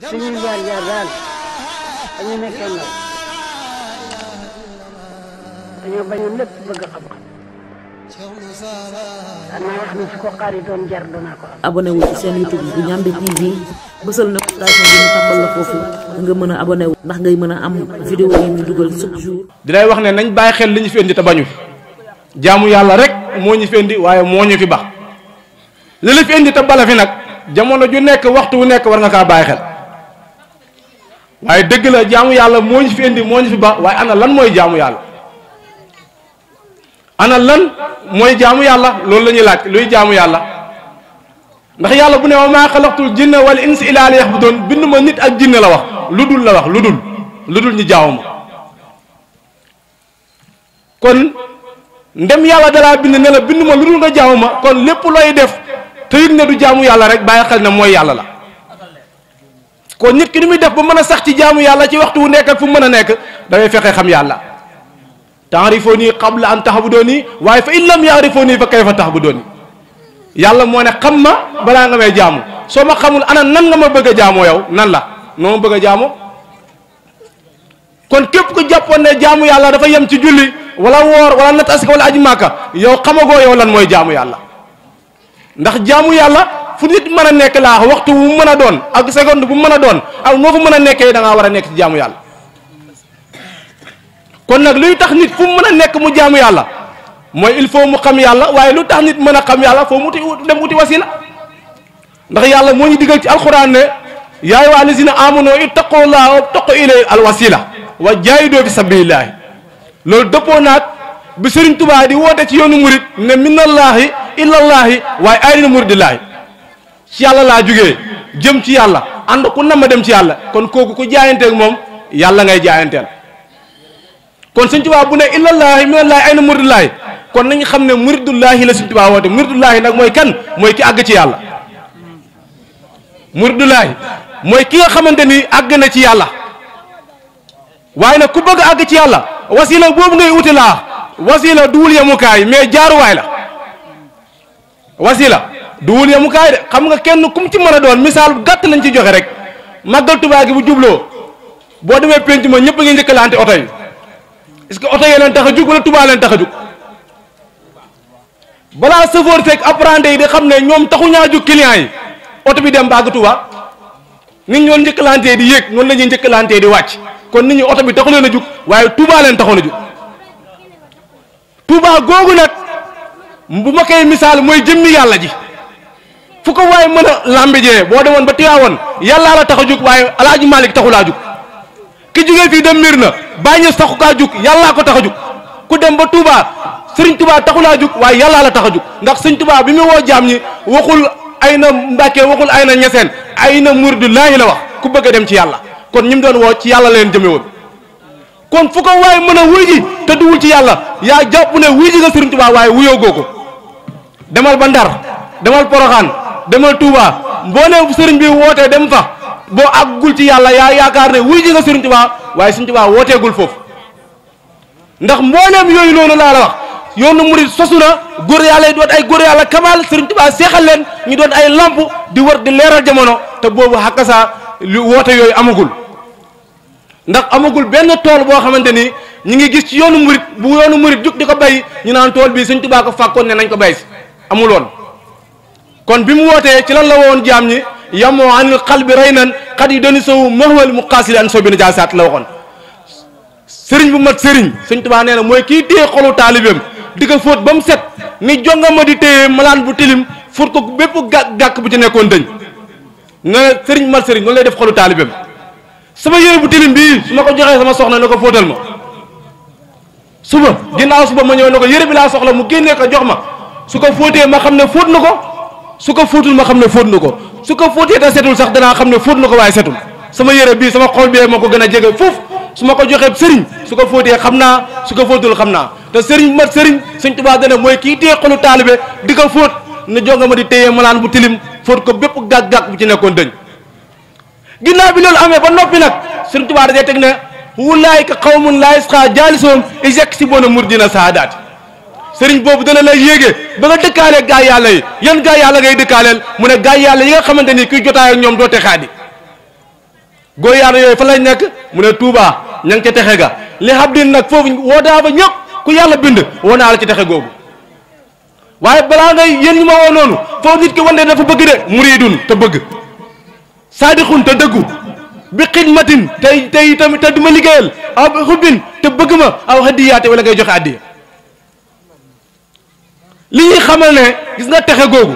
suñuy jaar jaar daal dañu nekkoon ndaw dañoo ko xaaritoon jar danaa seen YouTube bu Ndiamé TV bësal na ko station bi ñu mën a abonné wu ndax ngay mën a am wax ne nañ bàyyi xel li ñu fi indi te bañu jaamu yàlla rek moo ñu fi waaye moo ñu fi bax li la fi te bala fi nag jamono ju nekk waxtu wu nekk war nga kaa bàyyi xel. waaye dëgg la jaamu yàlla moo ñu fi indi moo ñu fi ba waaye ana lan mooy jaamu yàlla ana lan mooy jaamu yàlla loolu la ñuy laaj luy jaamu yàlla ndax yàlla bu ne wa maa xalaqtul jinna wal insa bu liya'budun bind ma nit ak jinne la wax lu dul la wax lu dul lu dul ñu jaamu ma kon ndem yàlla dalaa bind ne bind ma lu dul nga jaamu ma kon lépp looy def te yëg ne du jaamu yàlla rek bàyyi xel ne mooy yàlla la kon nit ki ni muy def ba mën sax ci jaamu yalla ci waxtu wu nek ak fu mën nek da ngay fexé xam yalla ta'rifuni qabla an tahbuduni wa fa in lam ya'rifuni fa kayfa tahbuduni yalla mo ne xam ma bala nga may jaamu soo ma xamul ana nan nga ma bëgg jaamu yow nan la no ma bëgg jaamu kon kep ku jappone ne jaamu yalla dafa yam ci julli wala wor wala nat aska wala aji yow xamago yow lan moy jaamu yalla ndax jaamu yalla fu nit mën a nekk laa waxtu bu mën a doon ak seconde bu mën a doon ak noo fa mën a nekkee da ngaa war a nekk ci jaamu yàlla kon nag luy tax nit fu mën a nekk mu jaamu yàlla mooy il faut mu xam yàlla waaye lu tax nit mën a xam yàlla foo mu uti dem uti wasila ndax yàlla moo ñu digal ci alxuraan ne yaa ayyuhaa allaziina aamanuu ittaqullaaha wabtaghuu ilayhi alwasiila wa jaahiduu fi sabiilillaahi loolu dëppoo naag bi Sëriñ Tuubaa di woote ci yoonu murit ne minallaahi illallaahi ci yàlla laa jóge jëm ci yàlla ànd ku nam ma dem ci yàlla kon kooku ku jaayanteeg moom yàlla ngay jaayanteel kon sëñ Tuubaa bu ne illallaahi minallaahi ay na muridullaahi kon nañu xam ne muridullaahi la sëñ Tuubaa woote muridullaahi nag mooy kan mooy ki àgg ci yàlla muridullaahi mooy ki nga xamante ni àgg na ci yàlla waaye nag ku bëgg a àgg ci yàlla wasila boobu ngay uti laa wasila duwul yemukaay mais jaaruwaay la wasila du wul yemukaay de xam nga kenn kum ci mën a doon misaal bu gàtt lañ ci joxe rek màggal Tuubaa gi bu jubloo boo demee penc ma ñëpp a ngi njëkkalante oto yi est que oto yee leen tax a jug wala Tuubaa leen tax a jug balaa chauffeur seeg apprenti yi di xam ne ñoom taxu ñaa jug client yi oto bi dem bàgg Tuubaa nit ñoon njëkkalante di yéeg noonu la ñuy njëkkalante di wàcc kon nit ñi bi taxu leen a jug waaye Tuubaa leen taxoon a jug googu nag bu ma koy misaal mooy jëmmi yàlla ji fu ko waaye mën a lambijee boo demoon ba Tiwaawoon yàllaa la tax a jug waaye alaaji Malick taxu laa jug ki jugee fii dem miir na bàyyi ñës taxu kaa jug yàllaa ko tax a jug ku dem ba Touba Serigne Touba taxu laa jug waaye yàllaa la tax a jug ndax Serigne Touba bi mu woo jaam ñi waxul ay na Mbàkke waxul ay na ñeseen ay na muridullaahi la wax ku bëgg a dem ci yàlla kon ñi mu doon woo ci yàlla leen jëme woon kon fu ko waaye mën a wuy ji te duwul ci yàlla yaa jàpp ne wuy ji nga Serigne Touba waaye wuyoo goo ko demal ba Ndar demal Poroxaan demal Touba mbooleem sëriñ bi wootee dem fa boo àggul ci yàlla yaa yaakaar ne wuy ji nga sëriñ Touba waaye sëriñ Touba wooteegul foofu ndax mbooleem yooyu noonu laa la wax yoonu murid sosu na góor yàlla yi doon ay góor yàlla kamal sëriñ Touba seexal leen ñu doon ay lamp di wër di leeral jamono te boobu xàkkasa lu woote yooyu amagul ndax amagul benn tool boo xamante ni ñu ngi gis ci yoonu murid bu yoonu murid jug di ko bay ñu naan tool bii sëriñ Touba ko fàkkoon ne nañ ko bay si amuloon kon bi mu wootee ci lan la woon jaam ñi yamoo anil xalbi rey nan xat yi doni sowu mahwal mu xaasili an soo bi na jaasaat la waxoon sëriñ bu mat sëriñ sëñ tubaa nee na mooy kii téye xolu taalibeem di ko fóot ba mu set ni jonga ma di téye malaan bu tilim fóot ko bépp gàkk gàkk bu ci nekkoon dëñ ne sëriñ bu mat sëriñ noonu lay def xolu taalibeem sama yére bu tilim bii su ma ko joxee sama soxna na ko fóotal ma suba ginnaaw suba ma ñëw ne ko yére bi laa soxla mu génnee ko jox ma su ko ma xam ne fóot na ko su ko fóotul ma xam ne fóot na ko su ko fóotee te setul sax danaa xam ne fóot na ko waaye setul sama yére bii sama xol bee moo ko gën a jege foofu su ma ko joxee sëriñ su ko fóotee xam naa su ko fóotul xam naa te sëriñ bu mat sëriñ sëñ Tuubaa dana mooy kii téye xolu taalibe di ko fóot ne jonga ma di téye malaan bu tilim fóot ko bépp gàgg-gàgg bu ci nekkoon dëñ ginnaaw bi loolu amee ba noppi nag sëriñ Tuubaa dajee teg ne wulaayka xawmun laa yasqaa jaalisuhum ijek si boona murdina saadaati sëriñ boobu dana lay yéegee ba nga dëkkaalee gaay yàlla yi yan gaay yàlla ngay dëkkaaleel mu ne gaay yàlla yi nga xamante ni kuy jotaay ak ñoom doo texaadi góor yàlla yooyu fa lañ nekk mu ne Touba ña ngi ca texe ga li xam din nag foofu woo daa ba ñëpp ku yàlla bind woo naa la ci texe googu waaye balaa ngay yéen ñu ma woo noonu foofu nit ki wante dafa bëgg de muridun te bëgg saadixun te dëggu bi xidmatin tey tey tamit te du ma liggéeyal aw xubbin te bëgg ma aw hadiyaate wala ngay joxe addiya li ñuy xamal ne gis nga texe googu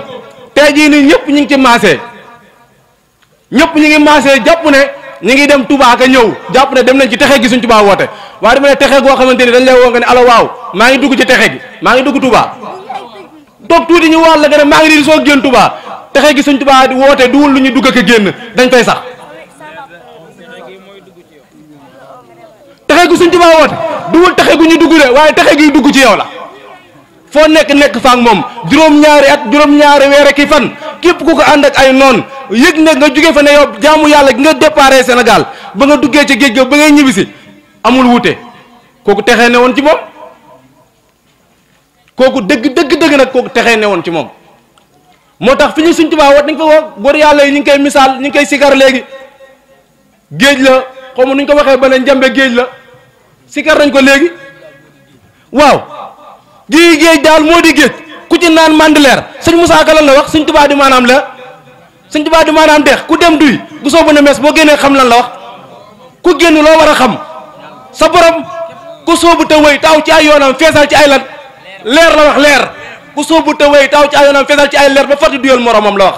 tey jii nii ñëpp ñu ngi ci maasee ñëpp ñu ngi maasee jàpp ne ñu ngi dem tubaa ka ñëw jàpp ne dem nañ ci texe gi suñ Touba woote waaye dama texe goo xamante ni dañ lay woo nga ne ala waaw maa ngi dugg ci texe gi maa ngi dugg Touba toog tuuti ñu wàll la nga ne maa ngi soo génn Touba texe gi suñ Touba di woote duwul lu ñuy dugg ak génn dañ fay sax texe gi suñ Touba woote duwul texe gu ñu dugg de waaye texe gi dugg ci yow la. foo nekk nekk faak moom juróom-ñaari at juróom-ñaari weer ak fan képp ku ko ànd ak ay noon yëg ne nga jóge fa ne yow jaamu yàlla gi nga déparé senegal ba nga duggee ci géej ga ba ngay ñibbisi amul wute kooku texee ne woon ci moom dëgg dëgg dëgg nag kooku texee ne ci moom moo tax fi ñu suñ tubaab wat nañ ko woo góor yàlla yi ñu ngi koy misaal ñu ngi koy sikar léegi géej la xaw ma nu ñu ko waxee ba ne njambe géej la sikar nañ ko léegi waaw di géej daal moo di géej ku ci naan mandileer sëñ Moussa Ka lan la wax sëñ Tuubaa di maanaam la sëñ Tuubaa di maanaam dex ku dem duy bu soobu ne mes boo génnee xam lan la wax ku génn loo war a xam sa borom ku soobu te wéy taaw ci ay yoonam feesal ci ay lan leer la wax leer ku soobu te wéy taaw ci ay yoonam feesal ci ay leer ba fàttali duyal moromam la wax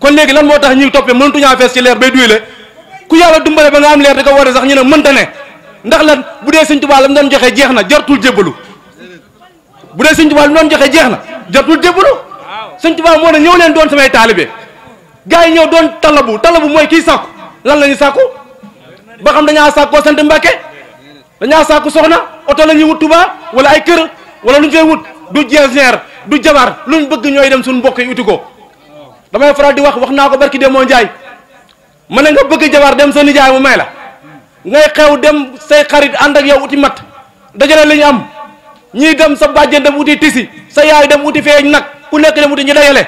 kon léegi lan moo tax ñuy toppee mënatuñaa fees ci leer bay duyale ku yàlla dumbale ba nga am leer di ko war sax ñu ne mënta ne ndax lan bu dee sëñ Tuubaa la mu doon joxe jeex na jartul jébbalu bu dee sëñ Tuubaa lu doon joxe jeex na jotul jébbalu sëñ Tuubaa moo ne ñëw leen doon samay taalibe gaa yi ñëw doon talabu talabu mooy kii sàkku lan la ñu sàkku ba xam dañaa sàkkoo sant Mbàkke dañaa sàkku soxna oto la ñuy wut Tuubaa wala ay kër wala lu ñu fay wut du jeesneer du jabar ñu bëgg ñooy dem suñu mbokk yi uti ko damay faral di wax wax naa ko barki demoo Njaay ma ne nga bëgg jabar dem sa nijaay mu may la ngay xew dem say xarit ànd ak yow uti mat dajale lañu am ñi dem sa bàjjen dem wuti tisi sa yaay dem wuti feñ nak ku nekk dem wuti ñu dajale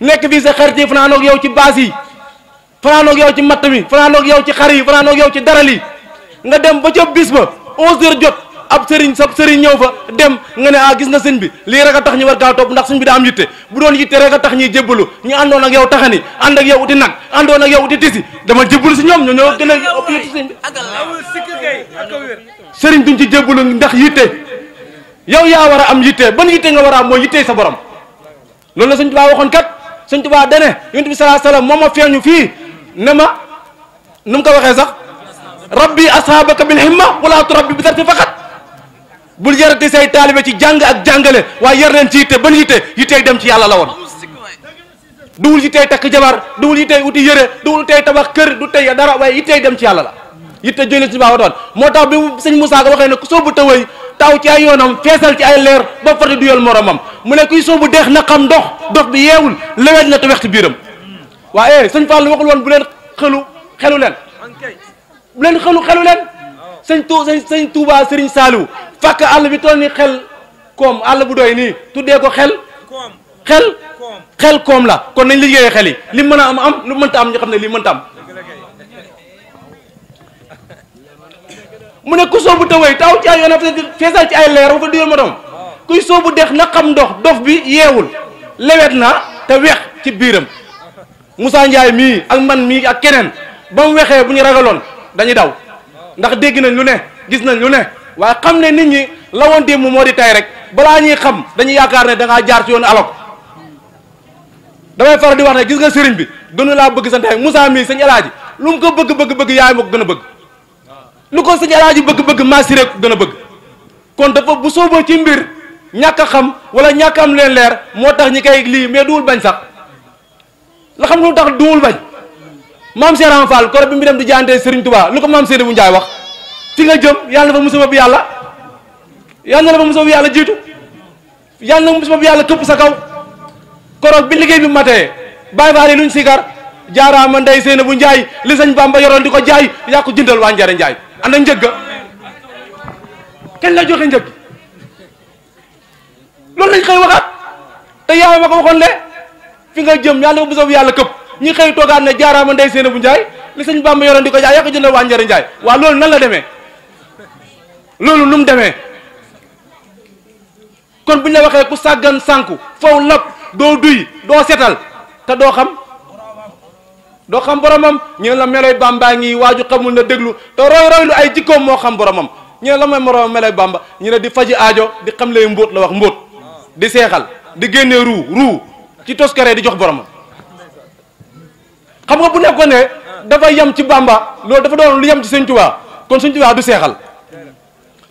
nekk fi sa xarti yi ak yow ci baas yi ak yow ci matta mi ak yow ci xari yi ak yow ci daral yi nga dem ba ci bis ba 11h jot ab serigne sa serigne ñew fa dem nga ne ah, a gis na serigne bi li rek tax ñu war ga top ndax serigne bi da am yitte bu doon yitte rek tax ñi jébbalu ñi andon ak yow taxani and ak yow uti nak andon ak yow uti tisi dama jébbalu ci ñom ñoo ñoo gën a ëpp yitte sëñ bi sëriñ duñ ci jébbalu ndax yitte yow yaa war a am yitte ban yitte nga war a am mooy yitte sa borom loolu la sëñ Tuubaa waxoon kat sëñ Tuubaa dane yonent bi salaa salaam moo ma feeñu fii ne ma nu mu ko waxee sax rabbi ashaabaka bil himma wala turabbi bi darti faqat bul yarati say taalibe ci jàng ak jàngale waaye yar leen ci yitte ban yitte yittey dem ci yàlla la woon duwul yittey takk jabar duwul yittey uti yére duwul tey tabax kër du tey dara waaye yittey dem ci yàlla la yitte jëlee ci baax doon moo tax bi sëñ Moussa Ka waxee ne ku soobu taway taw ci ay yoonam feesal ci ay leer ba fati du yol moromam mu ne kuy soobu deex na xam ndox dox bi yeewul lewet na te wexti biiram waaye eh, sëñ Fall waxul woon bu leen xelu xelu leen bu leen xelu xelu leen sëñ tu sëñ sëñ Touba Sëriñ Saaliw fàkk àll bi toll ni xel koom àll bu doy nii tuddee ko xel xel xel koom la kon nañ liggéeye xel yi li mën a am am lu mënta am ñu xam ne li mënta am mu ne ku soobu te way taw ci ay yoon feesal ci ay leer wa fa diyoon ma doom kuy soobu dex na xam ndox dof bi yeewul lewet na te weex ci biiram Moussa Ndiaye mii ak man mii ak keneen ba mu weexee bu ñu ragaloon dañuy daw ndax dégg nañ lu ne gis nañ lu ne waaye xam ne nit ñi la woon démb moo di tey rek balaa ñuy xam dañu yaakaar ne dangaa ngaa jaar ci yoonu alok damay faral di wax ne gis nga sëriñ bi gënu laa bëgg sa ndey Moussa mii sëñ alaaji lu mu ko bëgg bëgg bëgg yaay ma gën a bëgg lu ko sëñ alaaji bëgg-bëgg maasi rek gën a bëgg kon dafa bu sooboo ci mbir ñàkk a xam wala ñàkk am leen leer moo tax ñi kay lii mais duwul bañ sax la xam lu tax duwul bañ maam Seeram Fall koro bi mu dem di jaante Serigne Touba lu ko maam Seydou bu Njaay wax fi nga jëm yàlla na fa musiba bi yàlla yàlla na fa musiba bi yàlla jiitu yàlla na musiba bi yàlla këpp sa kaw koro bi liggéey bi matee bàyyi faal yi luñ sikar jaaraama ndey Seynabou Njaay li sëñ Bamba yoroon di ko jaay yaa ko jëndal waa ana njëgga kañ la joxe njëg loolu lañ xëy waxaat te yaay ma ko waxoon le fi nga jëm yàlla bu soob yàlla këpp ñi xëy toogaat ne jaaraama ndey seen bu njaay li sëñ bàmba yoroon di ko jaay yaa ko jënd waa njëriñ njaay waaw loolu nan la demee loolu nu demee kon bu ñu la waxee ku sàggan sànku foofu lab doo duy doo setal te doo xam do xam boromam ñe la meloy bamba ngi waju xamul na deglu te roy roy lu ay jikko mo xam boromam ñe la may morom meloy bamba ñi ne di faji aajo di xam lay mbot la wax mbot di seexal di genné ru ru ci toskare di jox boromam xam nga bu nekkone dafa yam ci bamba loolu dafa doon lu yam ci seigne touba kon seigne touba du seexal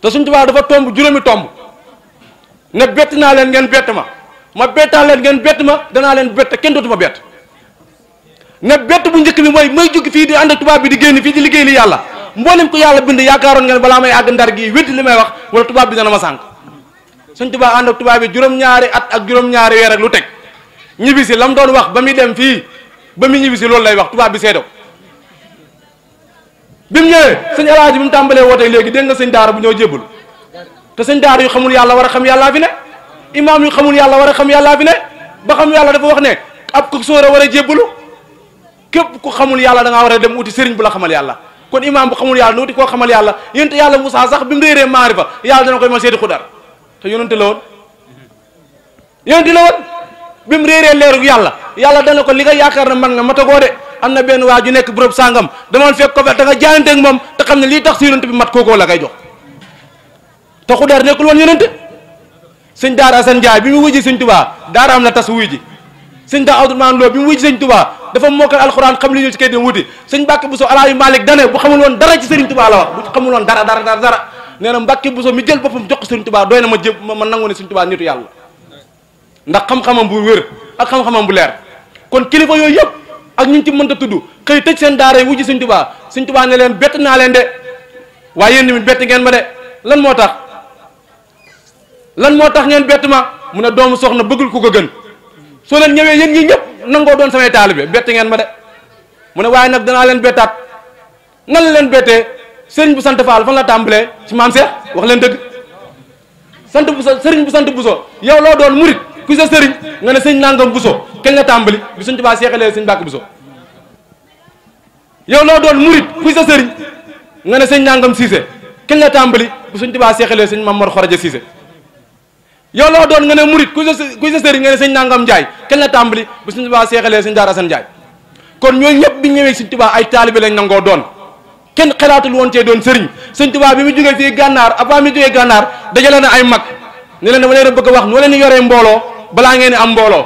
te seigne touba dafa tomb juromi tomb ne bett len ngeen bett ma ma len ngeen bett dana len bett ne bett bu njëkk bi mooy may jóg fii di ànd ak tubaab bi di génn fii di liggéey li yàlla mboolem ko yàlla bind yaakaaroon nga ne balaa may àgg ndar gii weddi li may wax wala tubaab bi dana ma sànq suñ tubaab ànd ak tubaab bi juróom-ñaari at ak juróom-ñaari weer ak lu teg ñibbi si la mu doon wax ba muy dem fii ba muy ñibbisi loolu lay wax tubaab bi seedo bi mu ñëwee sëñ alaaji bi mu tàmbalee wootee léegi dégg nga sëñ daara bu ñëw jébbal te sëñ daara yu yàlla war a xam yàllaa fi ne imaam yu xamul yàlla war a xam yàllaa fi ne ba xam yàlla dafa wax ne ab ko sóora war a jébbalu képp ku xamul yàlla da ngaa war a dem uti sëriñ bu la xamal yàlla kon imaam bu xamul yàlla na uti koo xamal yàlla yonent yàlla Moussa sax bi mu réeree maarifa yàlla dana ma seeti xudar te yonent la woon yonent la woon bi yàlla yàlla dana ko li nga yaakaar ne man nga matagoo de am na benn waa ju nekk bërëb sàngam dama fekk ko fa da nga moom te xam ne lii tax si yonent bi mat kookoo la koy jox te xudar nekkul woon yonent sëñ daara Asan Njaay bi mu wujji sëñ Tuubaa daara am na tas wuy ji sëñ daa Abdourahmane Lo bi mu wuj seigne Touba dafa mokal alcorane xam li ñu ci kay dem wuti seigne Mbàkke Buso alaayu Malik dane bu xamul won dara ci seigne Touba la wax bu xamul won dara dara dara dara nee Buso mi jël boppam jox seigne Touba doyna ma jëb ma nangu ne seigne Touba nitu yalla ndax xam-xamam bu wër ak xam-xamam bu leer kon kilifa yoy yëpp ak ñu ci mënta tuddu xey tëj seen daara yu wuji seigne Touba seigne Touba ne leen bett na leen de waye ñu tamit ngeen ma de lan motax lan motax ngeen bett ma mu ne doomu soxna bëggul ku ko gën soo leen ñëwee yéen ñi ñëpp nangoo doon samay taalibe bett ngeen ma de mu ne waaye nag danaa leen bettaat nan la leen bettee sëriñ bu sant Faal fan la tàmbalee ci maam Cheikh wax leen dëgg sant bu sa sëriñ bu sant Bousso yow loo doon murit ku sa sëriñ nga ne sëñ nangam Bousso kenn la tàmbali bi suñ tubaa seexalee sëñ bàkk Bousso yow loo doon murit ku sa sëriñ nga ne sëñ nangam Cissé kañ la tàmbali bi suñ tubaa seexalee sëñ a Xoroja Cissé yow loo doon nga ne murit ku sa kuy sa sëriñ nga ne sëñ nangam Njaay kenn la tàmbali bu sëñ Tuubaa seexalee sëñ Daara Asan Njaay kon ñooñu ñëpp bi ñu ñëwee sëñ Tuubaa ay taalibe lañ nangoo doon kenn xalaatul woon cee doon sëriñ sëñ Tuubaa bi mu jógee fii gànnaar avant mi jógee gànnaar dajale na ay mag ne leen dama leen bëgg a wax noo leen yoree mbooloo balaa ngeen am mbooloo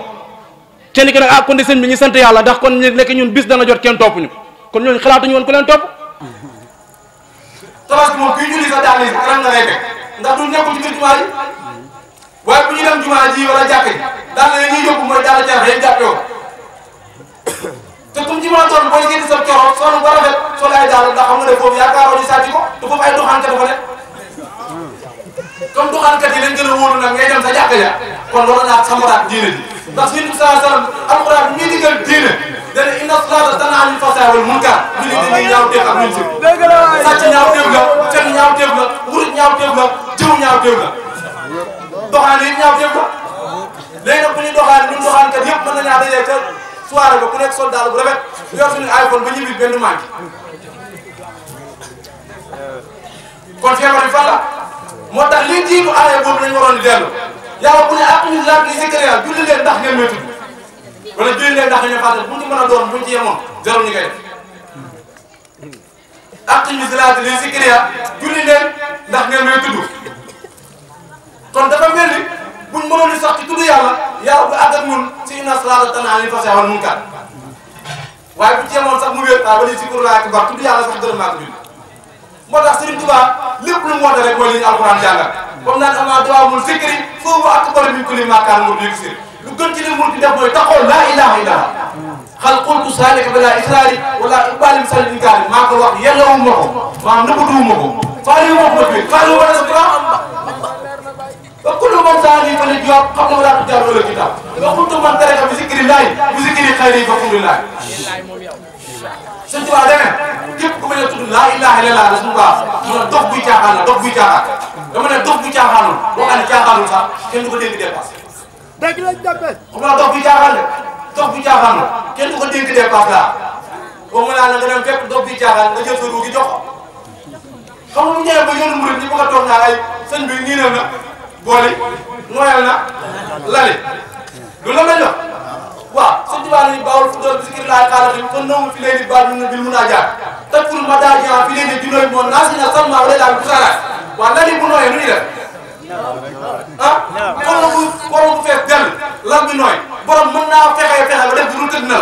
kenn ki nag ah kon de sëñ bi ñu sant yàlla ndax kon nekk ñun bis jot kenn topp ñu kon ñooñu xalaatuñu woon ku leen topp tabaski moom kuy julli sa daal yi ran nga lay teg ndax du nekkul ci biir waaye bu ñu dem jumaa ji wala jàkk ji daanaka li ñuy yóbbu mooy daal di jarax yéen jàpp yow te comme ci maa toll booy génn sa coro soo ko rafet soo laay daal ndax xam nga ne foofu yaakaaroo ñu sàcc ko te foofu ay doxaankat dafa ne comme doxaankat yi lañ gën a wóolu nag ngay dem sa jàkk ja kon war naa xamaraat diine ji ndax yéen bi saa salaam alxuraan mi digal diine dana inna salaata tanhaa anil fahshaa'i wal munkar ñu ne dindi ñaaw teef ak ñun si sàcc ñaaw teef la fen ñaaw teef la wurit ñaaw teef la jëw ñaaw teef la doxaan yi ñaaw jëm fa léegi nag bu ñuy doxaan ñun doxaan kat yëpp mën nañaa dajee ca soirée ba ku nekk soldat bu rafet yor suñu iPhone ba ñibbi benn manque kon feebar bi fan la moo tax li jiitu aaya boobu lañu waroon di dellu yàlla bu ne aqiimu salaata li zikri yàlla julli leen ndax ngeen may tudd wala julli leen ndax ngeen fàttali a doon kon dafa mel ni buñ mënoon di sax ci tudd yàlla yàlla bu àgg ak ñun si inna salaata tanhaa anil fahshaa'i wal munkar waaye bu jéemoon sax mu wér waaw ba ni si kuréel ak bar tudd yàlla sax gërëm naa ko ñun. moo tax Serigne lu mu woote rek mooy li ñu alxuraan jàngal comme naan xam naa dawaamul zikri foofu ak min kulli maa kaana mu dégg si lu gën ci li mu di def mooy laa ilaha illallah xal qultu saalika bila israari wala ibalim sal inkaari maa ko wax yellawuma وكل من سألني فليجواب قبل ولا تجار ولا كتاب وكنت من ترك بذكر الله بذكر خيره فقل الله Sëñ Tuubaa deme képp ku mën a tudd laa ilaaha illallaah la suñu baax mu ne dox buy caaxaan la dox buy caaxaan dama ne dox bu caaxaanul boo xam ne caaxaanul sax kenn du ko dégg dépasse dégg lañ demee xam nga dox bu caaxaan bu caaxaan ko dégg dépasse laa boo mën naa la nga dem fépp dox buy caaxaan nga jël sa ruu gi jox ko xam nga mu ñëwee ba yoonu murit ñi bëgg a toog naa ay sëñ bi nii na boole nooyal na lale lu la lañ wax waaw sëñ Tuubaa ni bawul fu doon zikir laay xaaral yi kon noonu fi leen di baal ñu bil mun a jaar takkul ma daa jaar fi leen di junooy moom naa si na sam maa wala a bu saraat waaw lale bu nooyee nu ñu def ah kon la bu borom bu fees dell lan bi nooy borom mën naa fexe fexe ba def du tëdd na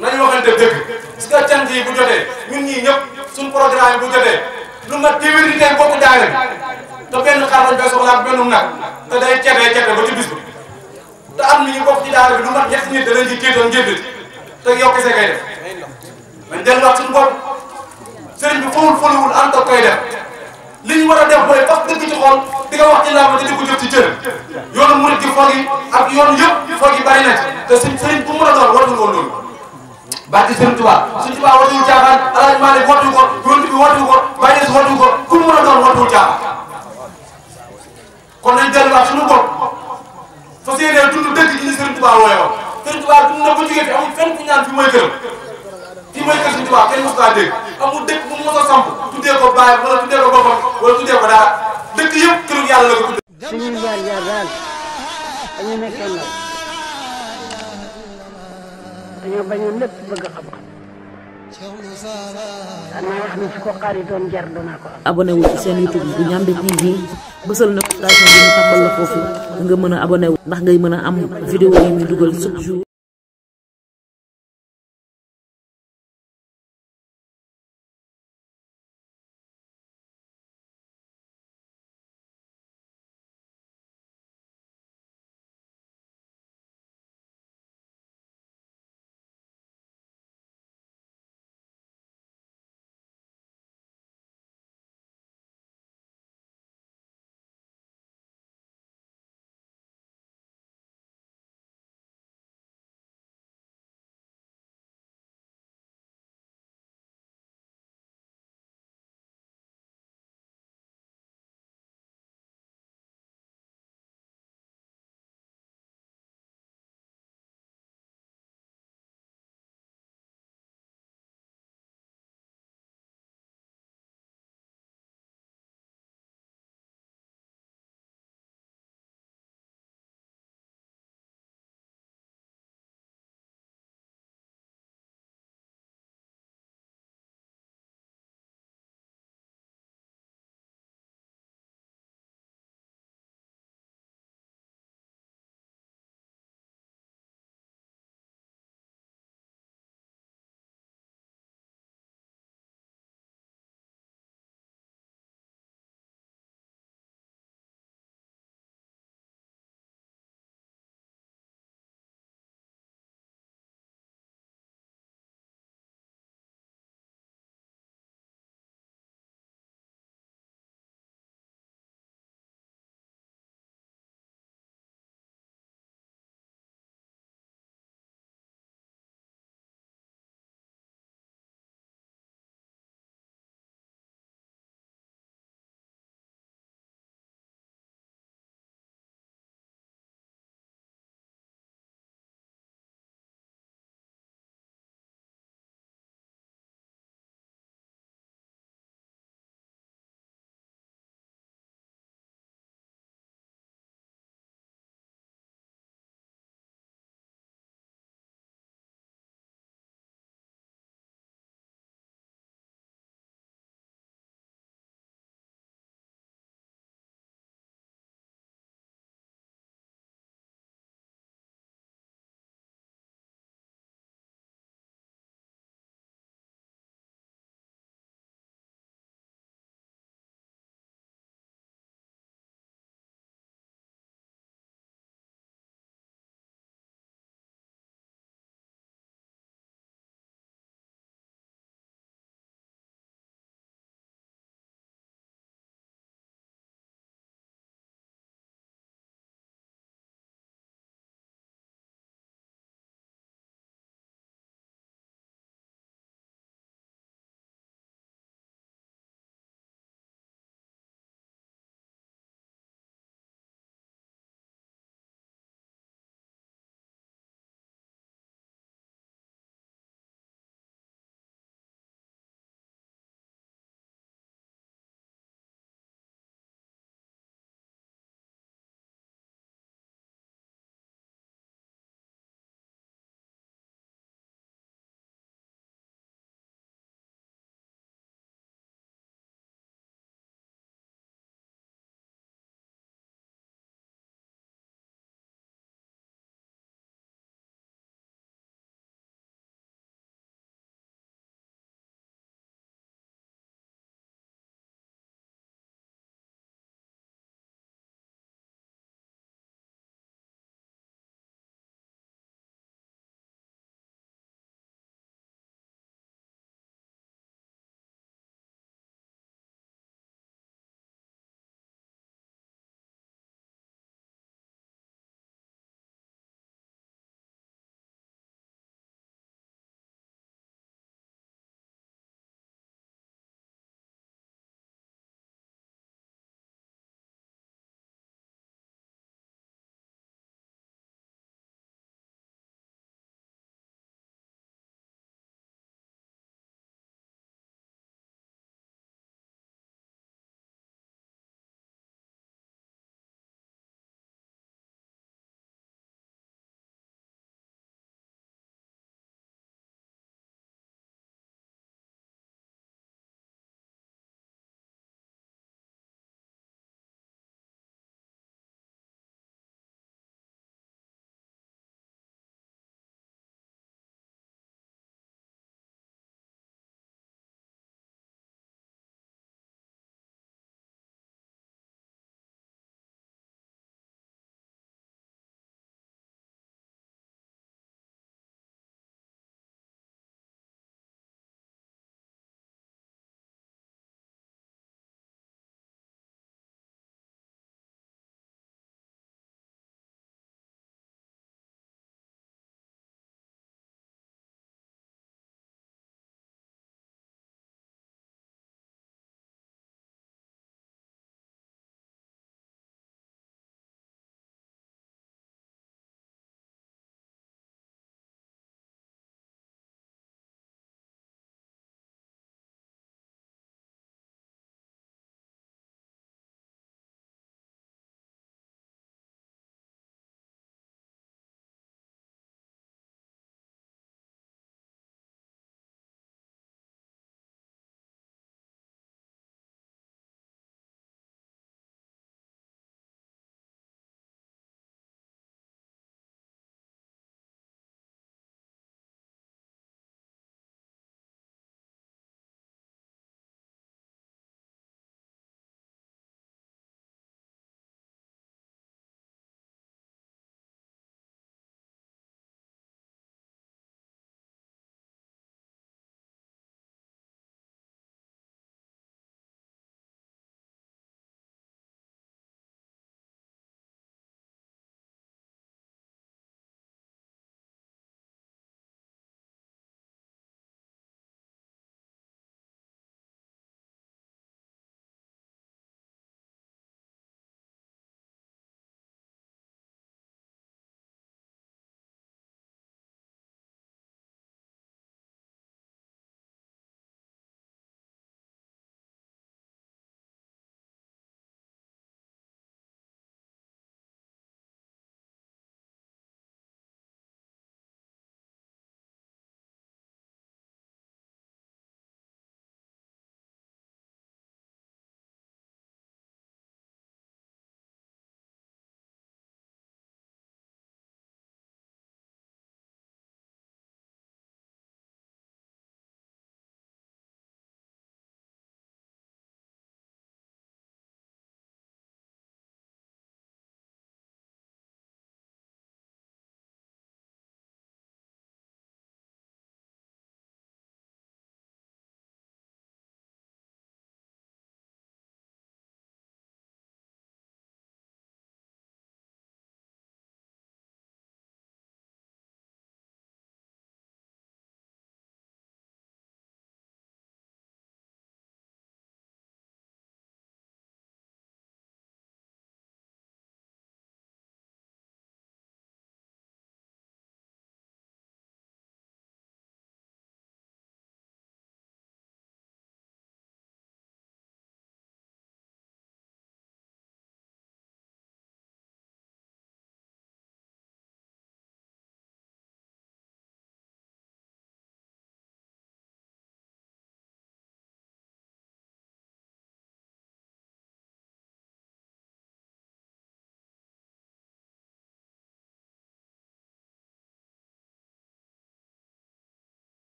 la nañu waxante dëgg parce que cant yi bu jotee ñun ñii ñëpp suñu programme bu jotee lu mat téeméeri neen bokk daara bi te benn xar lañ koy soxlaa benn nag te day cete cete ba ci bis bi am na ñu bokk ci daara bi lu mat ñetti nit da leen ci tiitoon te yow kese koy def dañ del wax suñu bopp sëriñ bi fawul fawul am toog koy def li ñu war a def mooy fas dëgg ci xol di nga wax ci làmb te di ko jëf ci cër yoonu murit gi foog ak yoon yëpp foog yi bari te suñ sëriñ bu mu mën a doon war nga loolu barke Sëriñ Tuubaa Sëriñ Tuubaa watuwul caaxaan Alaaji Maalik watu ko yonent bi watu ko Baye Niass watu ko ku mu mën a doon watuwul caaxaan kon nañ delluwaat suñu bopp fas yéenee dund dëgg gi ñu Sëriñ Tuubaa wooyoo Sëriñ ko jógee fi amul fenn ku ñaan fi mooy kër fi mooy kër Sëriñ a samp tuddee ko baay wala tuddee ko boppam wala yàlla la ko tuddee suñuy jaar dañoo bañoon lépp bëgg xam-xam. daanaka ne ko xaaritoon jar du naa ko am. abonné seen YouTube bu Ndiamé TV bi ñu tàmbal la foofu nga mën a abonné ndax ngay mën a am vidéo yi ñu dugal chaque jour.